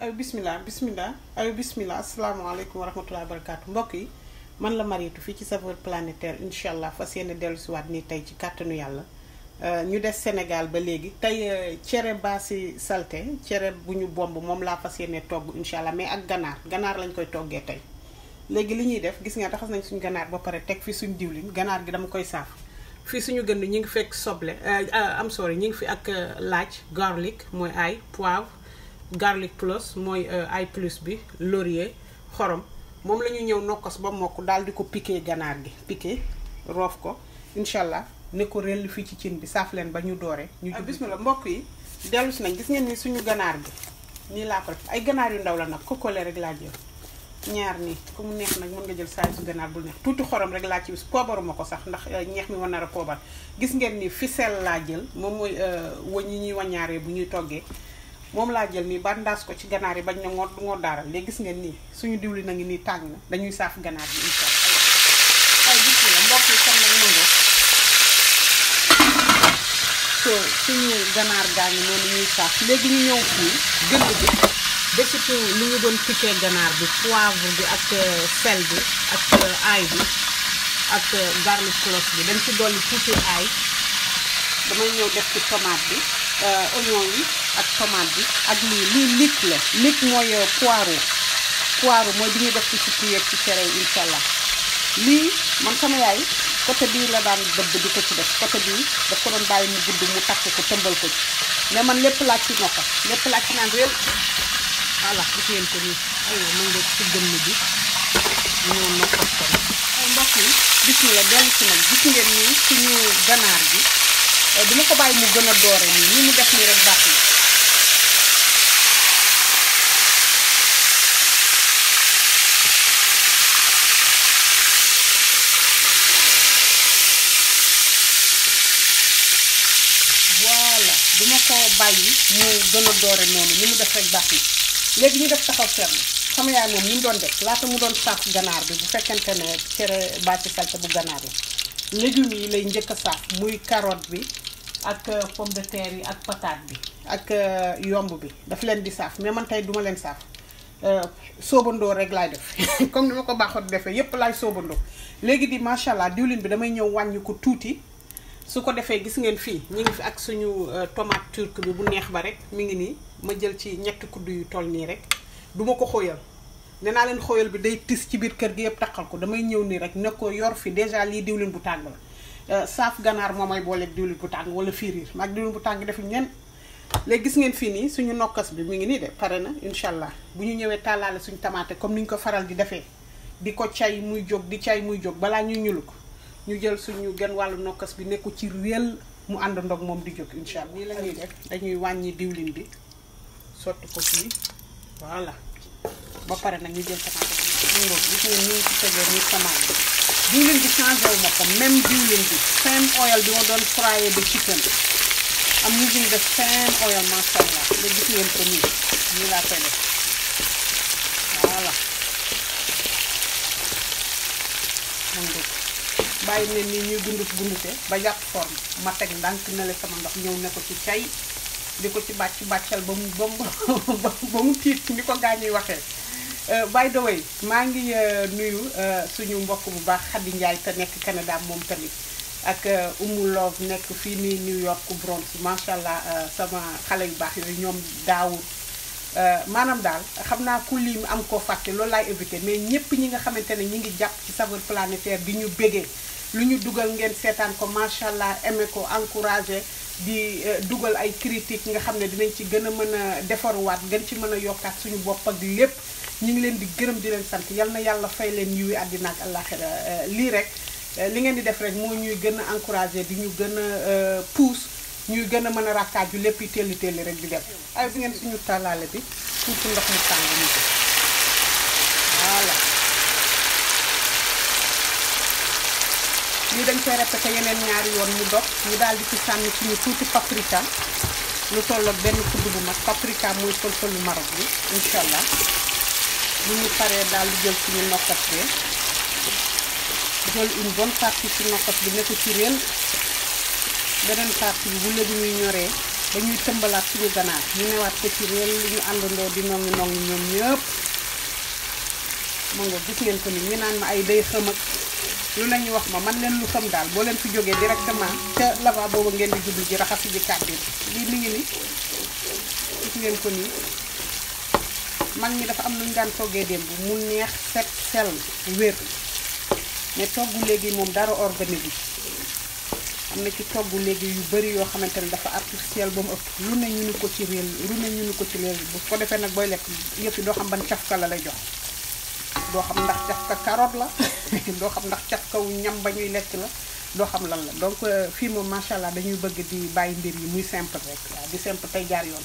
ayu bismillah bismillah ayu bismillah asalaamaaleykum wa rahmatulah barakaatu mbokk yi man la maritu fii ci saveur planétaire incha allah seene yéene dellusiwaat nii tey ci kàttanu yàlla euh, ñu des Sénégal ba léegi tey euh, cere baasi salte cere bu ñu bomb moom laa fas yéene togg incha allah mais ak ganaar ganaar lañ koy toggee tey léegi li ñuy def gis nga taxas nañ suñu ganaar ba pare teg fi suñu diwlin ganaar gi dama koy saaf fii suñu gën ñu ngi fekk soble am sori ñu ngi fi ak euh, laaj garlic mooy ail poivre garlic plus mooy euh, ay plus bi laurier xorom moom la ñëw nokkos ba mokk daal di ko piqué ganaar gi piqué roof ko incha allah ne ko rell fii ci cin bi saaf leen ba ñu doore ñu ah, jub bismillah mbokk yi dellu si nag gis ngeen ni suñu ganaar gi nii laa ko ay ganaar yu ndaw la nag kokkole rek laa jël ñaar nii ku mu neex nag mën jël saay su ganaar bul neex tuuti xorom rek laa ci poobaruma ko sax ndax euh, ñeex mi war nar a poobar gis ngeen ni ficelle laa jël moom mooy euh, wëñ yi ñuy waññaaree bu ñuy toggee moom laa jël nii bandaas ko ci ganaar yi bañ na ngoo ngoo daaral léegi gis ngeen nii suñu diwlin a ngi nii tàng na dañuy saaf ganaar bi incha allah ay gis suñu ganaar gaa ngi noonu ñuy saaf léegi ñu ñëw fii gënd bi ba surtout li ñu doon piqué ganaar bi poivre bi ak euh, sel bi ak euh, aay bi ak euh, garlic clove bi dañ ci dolli tuuti aay damay ñëw def ci tomate bi oignon yi ak tomate bi ak lii lii lik la lik mooy euh, poireau poireau mooy bi ñuy def ci suppu yeeg ci cere yi lii man sama yaay côté bii la daan bëgg di ko ci def côté bii daf ko doon bàyyi mu gudd mu takk ko tëmbal ko ci mais man lépp laaj ci nokka lépp laaj ci naan réew voilà gis ngeen ko nii aywa mën nga ci gëmm bi ñëw bi duma euh, ko bàyyi mu gën a doore nii ni mu def nii rek baax na ko bàyyi mu gën a doore noonu li mu def rek baax yi léegi ñu def taxaw seetlu sama yaay moom li mu doon def laata mu doon saaf ganaar bi bu fekkente ne cere bàcc salte bu ganaar la légumes yi lay njëkk a saaf muy carotte bi ak euh, pomme de terre yi ak patate bi ak euh, yomb bi daf leen di saaf mais man tey duma leen saaf euh, soobandoo rek laay def comme ni ma ko baaxoon defee yépp laay soobandoo léegi di macha allah diwlin bi damay ñëw wàññi tuuti su ko defee gis ngeen fii ñu ngi fi ak suñu euh, tomate turque bi bu neex ba rek mi ngi nii ma jël ci ñetti kudd yu toll nii rek du ma ko xóoyal nee naa leen xóoyal bi day tis ci biir kër gi yëpp taqal ko damay ñëw nii rek ne ko yor fi dèjà lii diwlin bu tàng la euh, saaf ganaar moo may booleeg diwlin bu tàng wala firiir maag diwlin bu tàng defuñ ñen léegi gis ngeen fii nii suñu nokkas bi mi ngi nii de pare na incha allah bu ñu ñëwee tàllaale suñu tamaate comme ni ñu ko faral di defee di ko cay muy jóg di cay muy jóg balaa ñuy ñulu ko ñu jël suñu genn wàllu nokkas bi nekku ci réel mu ànd ndox moom di jóg incha nii la def dañuy wàññi diwlin bi sotti ko fii voilà ba pare nag ñu jël tamaate bi ñu gis ngeen ñu ngi ci tegee nii tamaate bi diwlin bi changé ma ko même diwlin bi same oil bi ma doon fryé de chicken am ñu ngi def same oil macha allah léegi gis ngeen ko nii nii laa koy def voilà. bàyyi leen ni ñuy gundus gunduse ba yàq forme ma teg ndànk na le sama ndox ñëw ne ko ci cay di ko ci bàcc bàccal ba mu ba mu ba mu tiit ni ko gaa ñuy waxee euh, by the way maa ngi euh, nuyu euh, suñu mbokk bu baax Khady Ndiaye te nekk Canada moom tamit ak Oumou Love nekk fii nii New York Bronx macha allah sama xale yu baax yooyu ñoom daawul maanaam daal xam naa ku lim am koo fàtte loolu laay éviter mais ñépp ñi nga xamante ne ñi ngi jàpp ci saveur planétaire bi ñu bégee lu ñu dugal ngeen seetaan ko macha allah aimé ko encouragé di euh, dugal ay critique nga xam ne dinañ ci gën a mën a defarwaat gën ci mën a yokkaat suñu bopp ak lépp ñu ngi leen di gërëm di leen sant yal na yàlla fay leen yiwi àddina ak àllaaxira euh, lii rek euh, li ngeen di def rek moo ñuy gën a encouragé di ñu gën a pousse ñuy gën a mën a rakkaaju lépp yi telli telli rek di def ay bi ngeen suñu tàllaale bi suñ ndox mu tàng ñu ko ni dañ koy répété yeneen ñaari yoon mu dox ñu daal di ci ci suñu tuuti paprika lu toll ak benn kudd bu mag paprika mooy sol-sol lu marok bi incha allah bu ñu paree daal di jël ci suñu nokkat bi jël une bonne partie ci nokkat bi nekk ci réel beneen partie bi bu léegi ñuy ñoree dañuy tëmbalaat suñu ganaar ñu newaat ko ci réel li ñu àndandoo di nongi nongi ñoom ñëpp mo nga gis ngeen ko ni ñu naan ma ay day xëm ak lu la ñu wax ma man leen lu sam daal boo leen fi jógee directement ca lavabo boobu ngeen di jublu ji raxas ji kàddu lii mi ngi ni gis ngeen ko nii mag ñi dafa am lu ñu daan toggee démb mu neex set sel wér mais togg léegi moom dara organique bi am na ci togg léegi yu bari yoo xamante ne dafa artificiel ba mu ëpp lu ne ñu ni ko ci réel lu ne ñu ni ko ci réel bu ko defee nag booy lekk yëpp doo xam ban cafka la lay jox doo xam ndax def ka carotte la doo xam ndax caf kaw ñam ba ñuy lekk la doo xam lan la donc fii moom macha allah dañuy bëgg di bàyyi mbir yi muy simple rek waaw di simple tey jaar yoon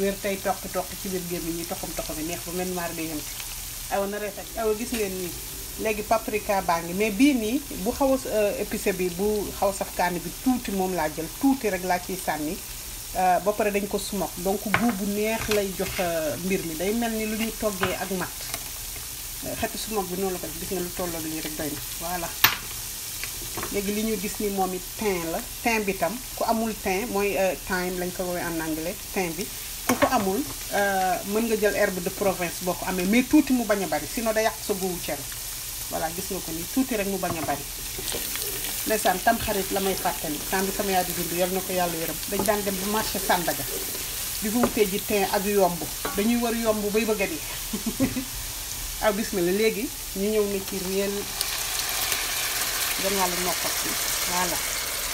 wér tey toq toq ci biir gémmi ñi toxum toxumi neex bu mel maar day yem si awa na rafet awa gis ngeen nii léegi paprika baa ngi mais bii nii bu xaw a épicé bi bu xaw saf kaani bi tuuti moom laa jël tuuti rek laa ciy sànni ba pare dañ ko smock donc guubu neex lay jox mbir mi day mel ni lu ñu toggee ak mat xetu su mag bi noonu la ko gis nga lu tolloog lii rek doy na voilà léegi li ñu gis ni moom it tin la tin bi tam ku amul tin mooy euh, time lañ ko woowee en anglais tin bi ko amul euh, mën nga jël herbe de province boo ko amee mais tuuti mu bañ a bari sinon da yàq sa gowu cere voilà gis nga ko ni tuuti rek mu bañ a bari ndeysaan tam xarit la may fàttali temps bi sama yaay di dund yal na ko yàlla yërëm dañ daan dem bu marché Sandaga bi fa wutee ji tin ak yomb dañuy war yomb bay bëgg a dee aw bismillah legui ñu ñew na ci réel ganaalu nokkat bi wala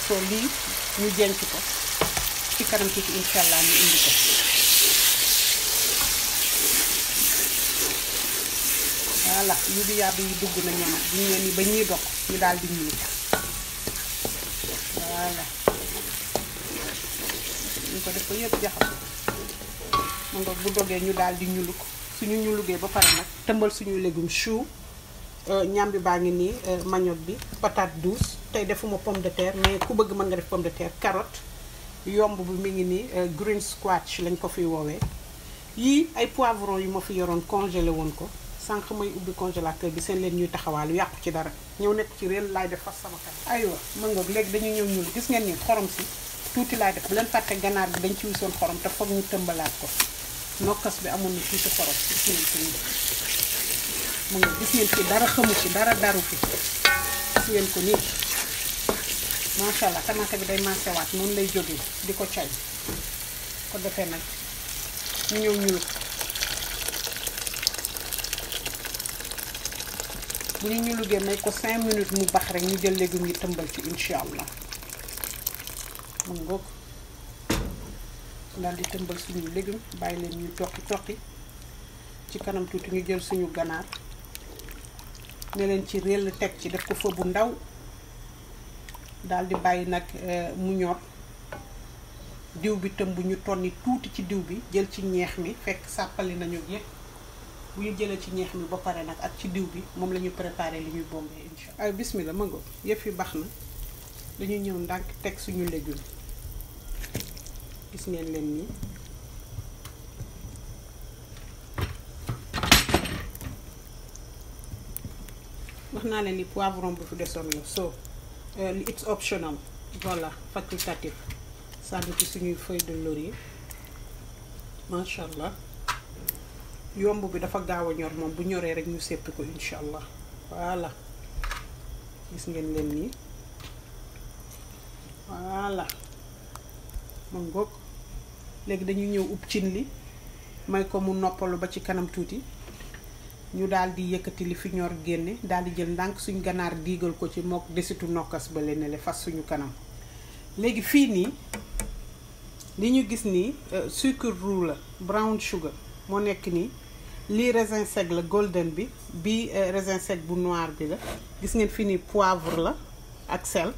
so li ñu jënc ko ci kanam ci inshallah ñu indi ko wala ñu di yàbb yi dugg na ñam bu ñu ni ba ñi dox ñu dal di ñu wala ñu ko def ko yépp jaxam mo ngi bu doggé ñu dal di ñuluk suñu ñu liggéey ba pare nag tëmbal suñuy légumes chou euh, ñambi baa ngi nii euh, manioc bi patate douce tey defuma pomme de terre mais ku bëgg mën nga def pomme de terre carotte yomb bi mi ngi nii euh, green squash lañ ko fi woowee yii ay poivron yu ma fi yoroon congelé woon ko sànq may ubbi congélateur bi seen leen ñuy taxawaalu yàqu ci dara ñëw nekk ci réel laay def fas sama kat aywa mën nga léegi dañuy ñëw ñuul gis ngeen ni xorom si tuuti laay def bu leen fàtte ganaar bi dañ ci wisoon xorom te foog ñu tëmbalaat ko nokkas bi amoon ci ci xorom ci ngeen ko mo ngi gis ngeen ci dara xamu ci dara daru fi ci ngeen ko ni ma sha allah tamaate bi day maase wat non lay jógee diko tay ko defé nak ñu ñu ñuul bu ñu ñuulugee may ko 5 minutes mu bax rek ñu jël légumes ñu tëmbal ci inshallah mo mu daal di tëmbal suñu légume bàyyi leen ñuy toqi toqi ci kanam tuuti ñu jël suñu ganaar neleen leen ci réel teg ci def ko fa bu ndaw daldi bàyyi nag euh, mu ñor diw bi tëmb ñu tonni tuuti ci diw bi jël ci ñeex mi fekk sàppali nañu yëpp bu ñu jëlee ci ñeex mi ba pare nag ak ci diw bi moom lañu ñu préparé li ñuy bombee incha allah ay bismillah mëngo yëf yi baax na dañuy ñëw ndànk teg suñu légume gis ngeen leen nii wax naa ne ni poivron bu fi desoon so li euh, it's optional voilà facultatif sànni ci suñuy feuille de laurier allah yomb bi dafa gaaw a ñor moom bu ñoree rek ñu seppi ko incha allah voilà gis ngeen leen nii voilà mu gok léegi dañu ñew ub cin li may ko mu noppalu ba ci kanam tuuti ñu dal di yëkëti li fi ñor génne dal di jël ndank suñu ganar digël ko ci mok desitu nokkas ba leen le fa suñu kanam legi fini, ni li ñu gis ni euh, sucre roux brown sugar mo nekk ni lii raisin sec la golden bi bi euh, raisin sec bu noir bi la gis ngeen fi ni poivre la ak sel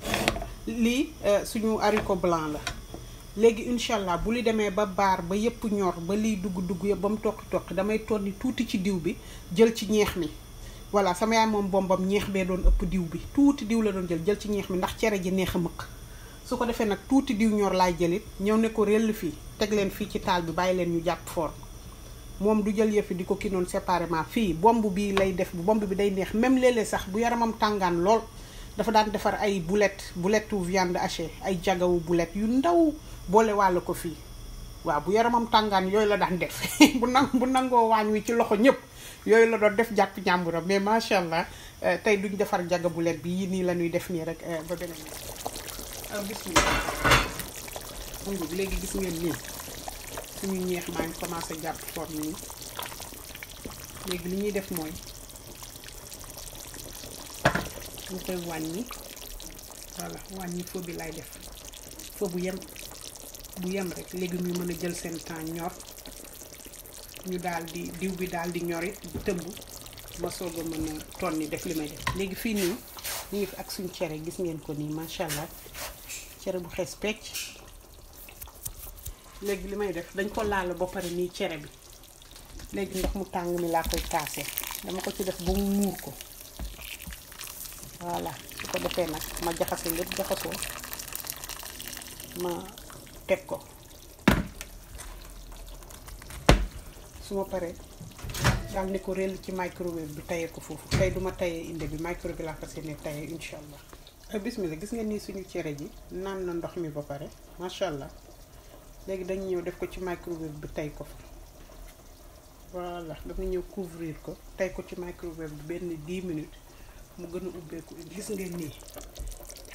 lii euh, suñu haricot blanc la léegi incha allah bu li demee ba baar ba yëpp ñor ba lii dugg-dugg yëpp ba mu toqi-toqi damay tonni tuuti ci diw bi jël ci ñeex mi voilà sama yaay moom bombam ñeex bee doon ëpp diw bi tuuti diw la doon jël jël ci ñeex mi ndax cere ji neex a mëq su ko defee nag tuuti diw ñor laay jëlit ñëw ne ko rell fii teg leen fii ci taal bi bàyyi leen ñu jàpp forme moom du jël yëfi di ko kii noonu fii bomb bii lay def bu bomb bi day neex même léeg sax bu yaramam tàngaan lool dafa daan defar ay boulette boulettu viande hachée ay jagawu boulette yu ndaw boole wàll ko fii waaw bu yaramam tàngaan yooyu la daan def bu nang bu nangoo waañ wi ci loxo ñëpp yooyu la doon def jàpp ñàmburam mais macha allah euh, tey duñ defar jaga bulet bi yi nii lañuy def nii rek euh, ba beneen euh, bismillah léegi gis ngeen nii suñu ñeex maa ngi commencé jàpp forme nii léegi li ñuy def mooy ñu koy wàññi voilà wàññi fo bi lay def fo bu yem bu yem rek légumes yu mën a jël seen temps ñor ñu daal di diw bi daal di ñorit bu tëmb ma soog a mën a tonni def li may def léegi fii nii mu ngi fi ak suñ cere gis ngeen ko nii macha allah cere bu xees pecc léegi li may def dañ ko laal ba pare nii cere bi léegi ndox mu tàng mi laa koy kaase dama ko ci def ba mu muur ko voilà su ko defee nag ma jaxase lépp jaxasoo ma teg ko su ma paree daal ni ko réll ci microwave bi tayee ko foofu tey duma tayee inde bi micro bi laa fas yéene tayee incha allah eh, bismillah gis ngeen nii suñu cere ji naan na ndox mi ba pare macha allah léegi dañu ñëw def ko ci microwave bi tay ko fa voilà dama ñëw couvrir ko tey ko ci microwave bi benn 10 minutes mu gën a ubbeeku gis ngeen nii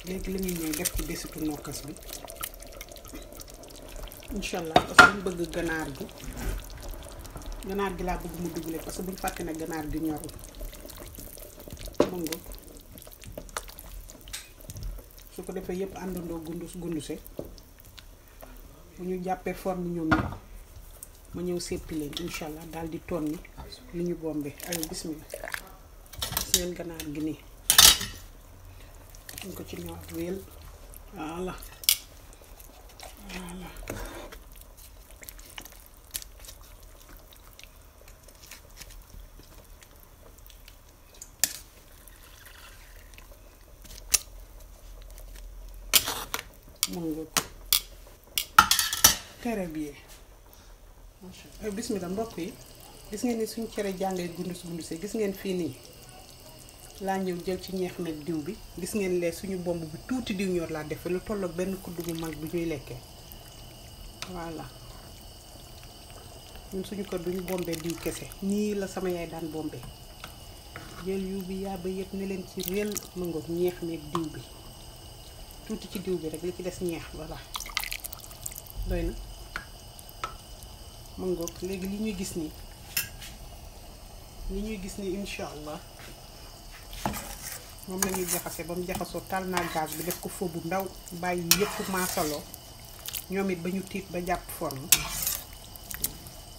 léegi la ñuy def ci desitu nokkas bi incha allah parce que bëgg ganaar gi ganaar gi laa bëgg mu dugle parce que buñ fàtte ne ganaar gi ñorul mën nga su ko defee yëpp àndandoo gundus gunduse bu ñu jàppee forme ñoom ñi ma ñëw seppi leen incha allah daal di tonni li ñu bombe ayo bismillah seen ganaar gi ni ñu ko ci ñor wéel voilà voilà mën nga bi eh, bismillah mbokk yi gis ngeen ni suñ cere jàngee gundus gundusee gis ngeen fii nii laa ñëw jël ci ñeex meeg diw bi gis ngeen lee suñu bomb bi tuuti diw ñor laa defee lu tolloog benn kudd bu mag bu ñuy lekkee voilà ñun suñu kër duñu bombee diw kese ñii la sama yaay daan bombee jël yu bi yaa ba yëpp ne leen ci réel mëngoog ñeex meeg diw bi tuuti ci diw bi rek li ci des ñeex voilà doy na mëngoog léegi li ñuy gis nii li ñuy gis nii incha allah moom la jaxase ba mu jaxasoo taal na gaz bi def ko fo bu ndaw bàyyi yëpp maasaloo ñoom it ba ñu tiit ba jàpp forme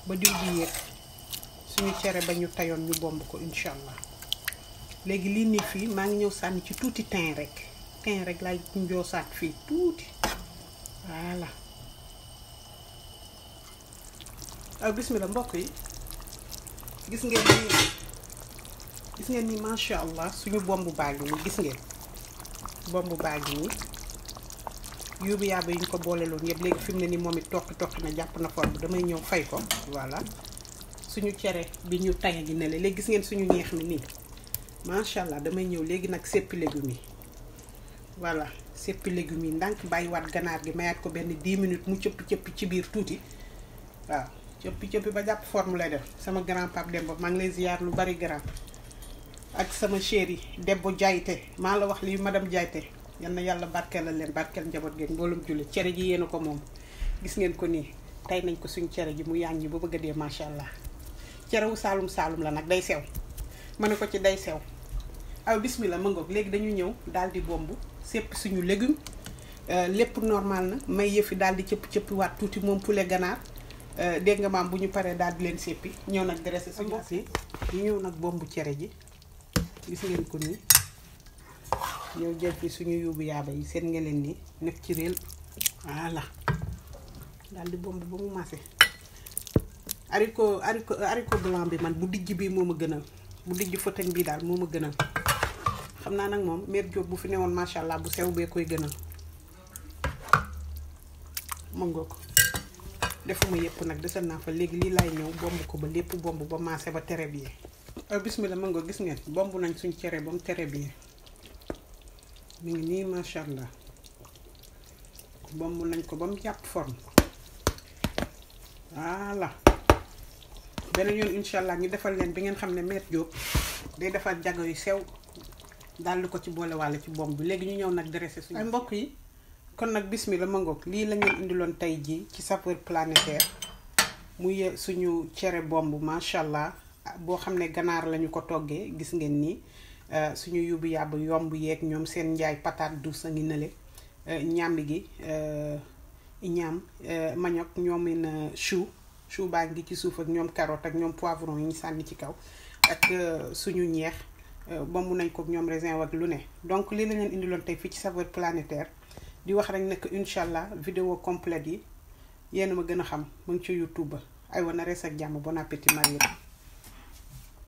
ba diw bi yéeg suñu cere ba ñu tayoon ñu bomb ko incha allah léegi lii nii fii maa ngi ñëw sànni ci tuuti tin rek tin rek laay njoosaat fii tuuti voilà ak bismillah mbokk yi gis ngeen nii gis ngeen ni macha allah suñu bomb baa ngi nii gis ngeen bomb baa ngi nii yóbbu yàbb yi ñu ko booleeloon yëpp léegi fi mu ne nii moom it toq toq na jàpp na forme damay ñëw fay ko voilà suñu cere bi ñu tay gi ne la léegi gis ngeen suñu ñeex mi nii macha allah damay ñëw léegi nag seppi légumes yi voilà seppi légumes yi ndànk bàyyiwaat ganaar gi mayaat ko benn 10 minutes mu cëpp cëpp ci biir tuuti waaw cëpp cëpp ba jàpp forme lay def sama grand pape Demba maa ngi lay lu bari grand ak sama chéri Debbo Diayte maa la wax lii dem jayte yal na yàlla barkeel la leen barkeel njaboot ngeen mboolum jullit cere ji yéen ko moom gis ngeen ko nii tey nañ ko suñu cere ji mu yàññi ba bëgg dee macha allah cere wu saalum saalum la nag day sew ma ne ko ci day sew aw bismillah ma léegi dañu ñëw daal di bomb sépp suñu légume euh, lépp normal na may yëfi daal di cëpp cëppi waat tuuti moom poulet ganaar euh, dégg nga maam bu ñu paree daal di leen séppi ñëw nag dressé suñu yi ñëw nag bomb cere ji gis ngeen ko ni ñëw jël ci suñu yóbbu yaaba yi seen nga leen ni nekk ci réel voilà daal di bomb ba mu maase ariko ariko ariko blanc bi man bu dijj bi moma gënal bu dijj fotañ bi daal moma gënal xamna nak mom mère bu fi newoon machallah allah bu sew be koy gënal mëngoo ko defuma yépp nak desal na fa léegi li lay ñew bomb ko ba lépp bomb ba ba téré bi Eh, bismillah mango gis ngeen bomb nañ suñ cere bam tere bi mi ngi nii macha allah bomb nañ ko bam jàpp forme voilà beneen yoon incha allah ñu defal leen bi ngeen xam ne maître Diop day defar jago yu sew daal di ko ci boolewaale ci bomb bi léegi ñu ñëw nag dressé suñu ay mbokk yi kon nag bismillah mangoog lii la ngeen indiloon tey jii ci saveurs planétaires muy suñu cere bomb macha allah. boo xam ne ganaar lañu ko toggee gis ngeen nii euh, suñu yóbbu yàbb yomb yeeg ñoom seen njaay patate douce a ngi nële euh, ñàmbi gi euh, ñaam manioc ñoomin chou chou baa ngi ci suuf ak ñoom carotte ak ñoom poivron yi ñu sànni ci kaw ak suñu ñeex bomb nañ ko ñoom raisin ak lu ne donc lii la leen indiloon tey fii ci saveur planetaire di wax rek nag incha allah vidéo complète yi yéen ma gën a xam mu ngi ci youtube ba aywa na rees ak jàmm bon appétit Marie